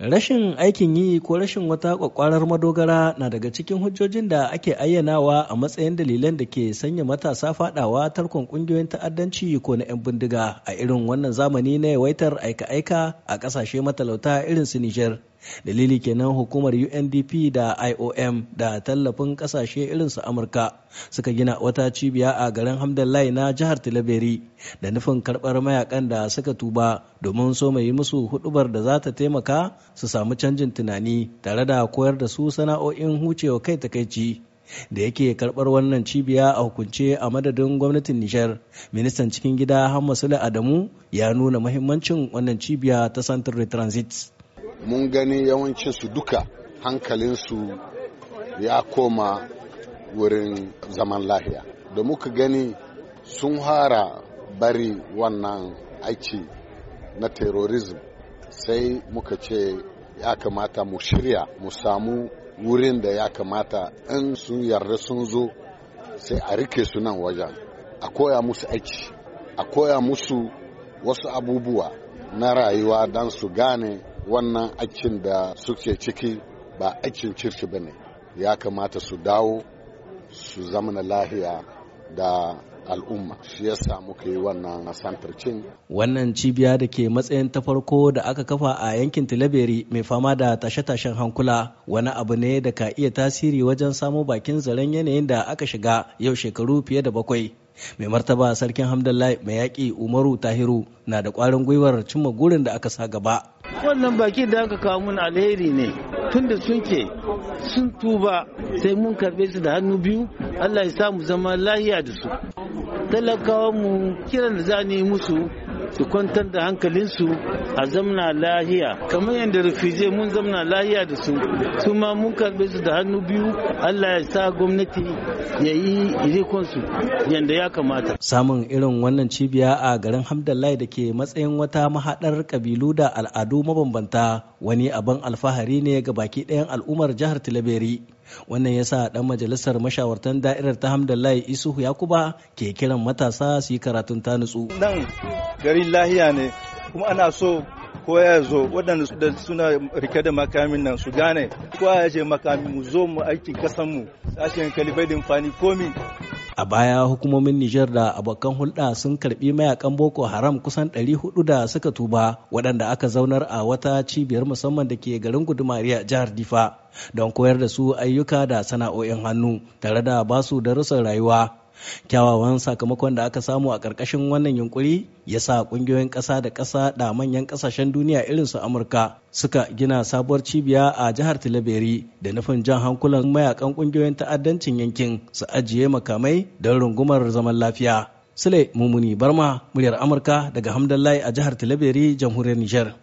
Rashin aikin yi ko rashin wata kwakwarar madogara na daga cikin hujjojin da ake ayyanawa a matsayin dalilan da ke sanya matasa fadawa tarkon kungiyoyin ta'addanci ko na 'yan bindiga a irin wannan zamani na yawaitar aika-aika a kasashe matalauta irin su Nijar. dalili kenan hukumar undp da iom da tallafin kasashe irinsu amurka suka gina wata cibiya a garin hamdallai na jihar tilaberi da nufin karbar mayakan da suka tuba domin so mai musu hudubar da za ta taimaka su samu canjin tunani tare da koyar da su sana'o'in hucewa kai takaici da yake karbar wannan cibiya a hukunce a madadin gwamnatin Nijar. Ministan cikin gida Hamma Adamu ya nuna mahimmancin wannan cibiya ta Central Transit. mun gani yawancinsu duka hankalinsu ya koma wurin zaman lahiya da muka gani sun hara bari wannan aiki na terrorism sai muka ce ya kamata mu shirya mu samu wurin da ya kamata in sun yarda sun zo sai a rike su nan wajen a koya musu aiki a koya musu wasu abubuwa na rayuwa don su gane wannan aikin da suke ciki ba aikin circi ba ne ya kamata su dawo su zamana lahiya da al'umma shi ya muka yi wannan santar cin wannan cibiya da ke matsayin ta farko da aka kafa a yankin tilaberi mai fama da tashe-tashen hankula wani abu ne da ka iya tasiri wajen samo bakin zaren yanayin da aka shiga yau shekaru fiye da bakwai mai martaba sarkin hamdallah mai yaƙi umaru tahiru na da ƙwarin gwiwar cimma gurin da aka sa gaba wannan bakin da aka kawo mun alheri ne tunda sun ke sun tuba sai mun karbe su da hannu biyu Allah ya samu zama lahiya da su talakawa mu kiran da za musu su kwantar da hankalinsu a zamna lahiya kamar yadda rufije mun zamna lahiya da su su ma mun karbe su da hannu biyu allah ya sa gwamnati ya yi rikonsu yadda ya kamata samun irin wannan cibiya a garin hamdallahi da ke matsayin wata mahaɗar kabilu da al'adu mabambanta wani abin alfahari ne ga baki ɗayan al'ummar jihar tilaberi wannan yasa ɗan majalisar mashawartan da'irar ta hamdallahi isuhu yakuba ke kiran matasa su yi karatun ta nutsu nan garin lahiya ne kuma ana so ko ya zo waɗanda suna rike da makamin nan su gane ko ya je makami mu zo mu aikin kasan mu aikin kalibai da amfani komi a baya hukumomin Nijar da abokan hulɗa sun karɓi mayakan Boko Haram kusan 400 da suka tuba waɗanda aka zaunar a wata cibiyar musamman da ke garin Gudumariya jihar Difa don koyar da su ayyuka da sana'o'in hannu tare da basu darussan rayuwa kyawawan sakamakon da aka samu a ƙarƙashin wannan yunkuri ya sa ƙungiyoyin ƙasa da ƙasa da manyan ƙasashen duniya irin su amurka suka gina sabuwar cibiya a jihar tilaberi da nufin jan hankulan mayakan ƙungiyoyin ta'addancin yankin su ajiye makamai don rungumar zaman lafiya sule mumuni barma muryar amurka daga hamdallahi a jihar tilaberi jamhuriyar nijar